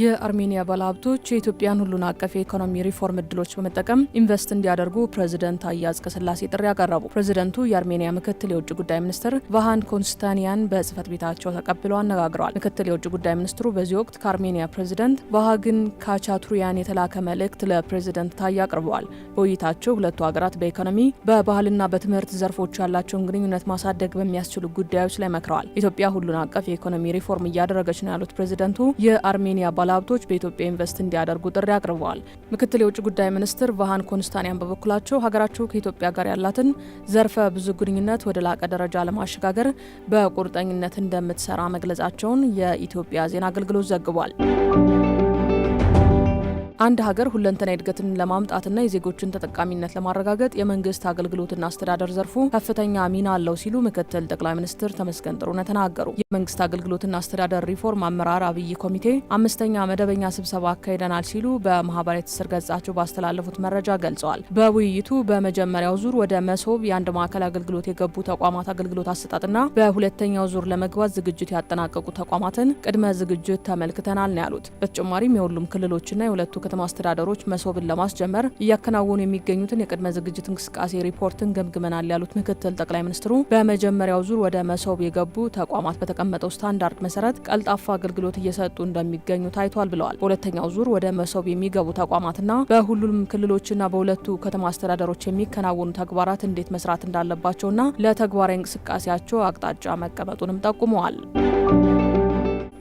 የአርሜኒያ ባለሀብቶች የኢትዮጵያን ሁሉን አቀፍ የኢኮኖሚ ሪፎርም እድሎች በመጠቀም ኢንቨስት እንዲያደርጉ ፕሬዚደንት ታዬ አጽቀሥላሴ ጥሪ አቀረቡ። ፕሬዚደንቱ የአርሜኒያ ምክትል የውጭ ጉዳይ ሚኒስትር ቫሃን ኮንስታኒያን በጽህፈት ቤታቸው ተቀብለው አነጋግረዋል። ምክትል የውጭ ጉዳይ ሚኒስትሩ በዚህ ወቅት ከአርሜኒያ ፕሬዚደንት ቫሃግን ካቻቱሪያን የተላከ መልእክት ለፕሬዚደንት ታዬ አቅርበዋል። በውይይታቸው ሁለቱ ሀገራት በኢኮኖሚ በባህልና በትምህርት ዘርፎች ያላቸውን ግንኙነት ማሳደግ በሚያስችሉ ጉዳዮች ላይ መክረዋል። ኢትዮጵያ ሁሉን አቀፍ የኢኮኖሚ ሪፎርም እያደረገች ነው ያሉት ፕሬዚደንቱ የአርሜኒያ ባለሀብቶች በኢትዮጵያ ኢንቨስት እንዲያደርጉ ጥሪ አቅርበዋል። ምክትል የውጭ ጉዳይ ሚኒስትር ቫሃን ኮንስታንያን በበኩላቸው ሀገራቸው ከኢትዮጵያ ጋር ያላትን ዘርፈ ብዙ ግንኙነት ወደ ላቀ ደረጃ ለማሸጋገር በቁርጠኝነት እንደምትሰራ መግለጻቸውን የኢትዮጵያ ዜና አገልግሎት ዘግቧል። አንድ ሀገር ሁለንተና እድገትን ለማምጣትና የዜጎችን ተጠቃሚነት ለማረጋገጥ የመንግስት አገልግሎትና አስተዳደር ዘርፉ ከፍተኛ ሚና አለው ሲሉ ምክትል ጠቅላይ ሚኒስትር ተመስገን ጥሩነህ ተናገሩ። የመንግስት አገልግሎትና አስተዳደር ሪፎርም አመራር አብይ ኮሚቴ አምስተኛ መደበኛ ስብሰባ አካሂደናል ሲሉ በማህበራዊ ትስስር ገጻቸው ባስተላለፉት መረጃ ገልጸዋል። በውይይቱ በመጀመሪያው ዙር ወደ መሶብ የአንድ ማዕከል አገልግሎት የገቡ ተቋማት አገልግሎት አሰጣጥና በሁለተኛው ዙር ለመግባት ዝግጅት ያጠናቀቁ ተቋማትን ቅድመ ዝግጅት ተመልክተናል ነው ያሉት። በተጨማሪም የሁሉም ክልሎችና የሁለቱ ከተማ አስተዳደሮች መሶብን ለማስጀመር እያከናወኑ የሚገኙትን የቅድመ ዝግጅት እንቅስቃሴ ሪፖርትን ገምግመናል ያሉት ምክትል ጠቅላይ ሚኒስትሩ በመጀመሪያው ዙር ወደ መሶብ የገቡ ተቋማት በተቀመጠው ስታንዳርድ መሰረት ቀልጣፋ አገልግሎት እየሰጡ እንደሚገኙ ታይቷል ብለዋል። በሁለተኛው ዙር ወደ መሶብ የሚገቡ ተቋማትና በሁሉም ክልሎችና በሁለቱ ከተማ አስተዳደሮች የሚከናወኑ ተግባራት እንዴት መስራት እንዳለባቸውና ለተግባራዊ እንቅስቃሴያቸው አቅጣጫ መቀመጡንም ጠቁመዋል።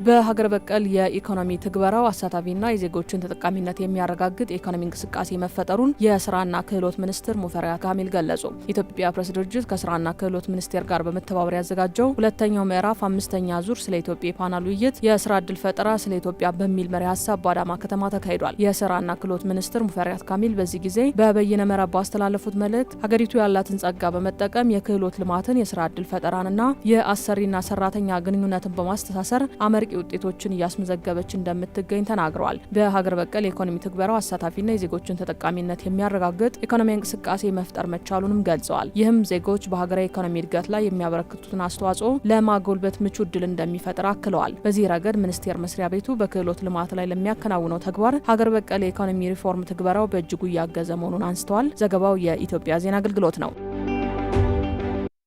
በሀገር በቀል የኢኮኖሚ ትግበራው አሳታፊና የዜጎችን ተጠቃሚነት የሚያረጋግጥ የኢኮኖሚ እንቅስቃሴ መፈጠሩን የስራና ክህሎት ሚኒስትር ሙፈሪያት ካሚል ገለጹ። ኢትዮጵያ ፕሬስ ድርጅት ከስራና ክህሎት ሚኒስቴር ጋር በመተባበር ያዘጋጀው ሁለተኛው ምዕራፍ አምስተኛ ዙር ስለ ኢትዮጵያ የፓናል ውይይት የስራ እድል ፈጠራ ስለ ኢትዮጵያ በሚል መሪ ሀሳብ በአዳማ ከተማ ተካሂዷል። የስራና ክህሎት ሚኒስትር ሙፈሪያት ካሚል በዚህ ጊዜ በበይነ መረብ ባስተላለፉት መልእክት ሀገሪቱ ያላትን ጸጋ በመጠቀም የክህሎት ልማትን፣ የስራ እድል ፈጠራንና የአሰሪና ሰራተኛ ግንኙነትን በማስተሳሰር አመርቂ ውጤቶችን እያስመዘገበች እንደምትገኝ ተናግረዋል። በሀገር በቀል የኢኮኖሚ ትግበራው አሳታፊና የዜጎችን ተጠቃሚነት የሚያረጋግጥ ኢኮኖሚ እንቅስቃሴ መፍጠር መቻሉንም ገልጸዋል። ይህም ዜጎች በሀገራዊ ኢኮኖሚ እድገት ላይ የሚያበረክቱትን አስተዋጽኦ ለማጎልበት ምቹ እድል እንደሚፈጥር አክለዋል። በዚህ ረገድ ሚኒስቴር መስሪያ ቤቱ በክህሎት ልማት ላይ ለሚያከናውነው ተግባር ሀገር በቀል የኢኮኖሚ ሪፎርም ትግበራው በእጅጉ እያገዘ መሆኑን አንስተዋል። ዘገባው የኢትዮጵያ ዜና አገልግሎት ነው።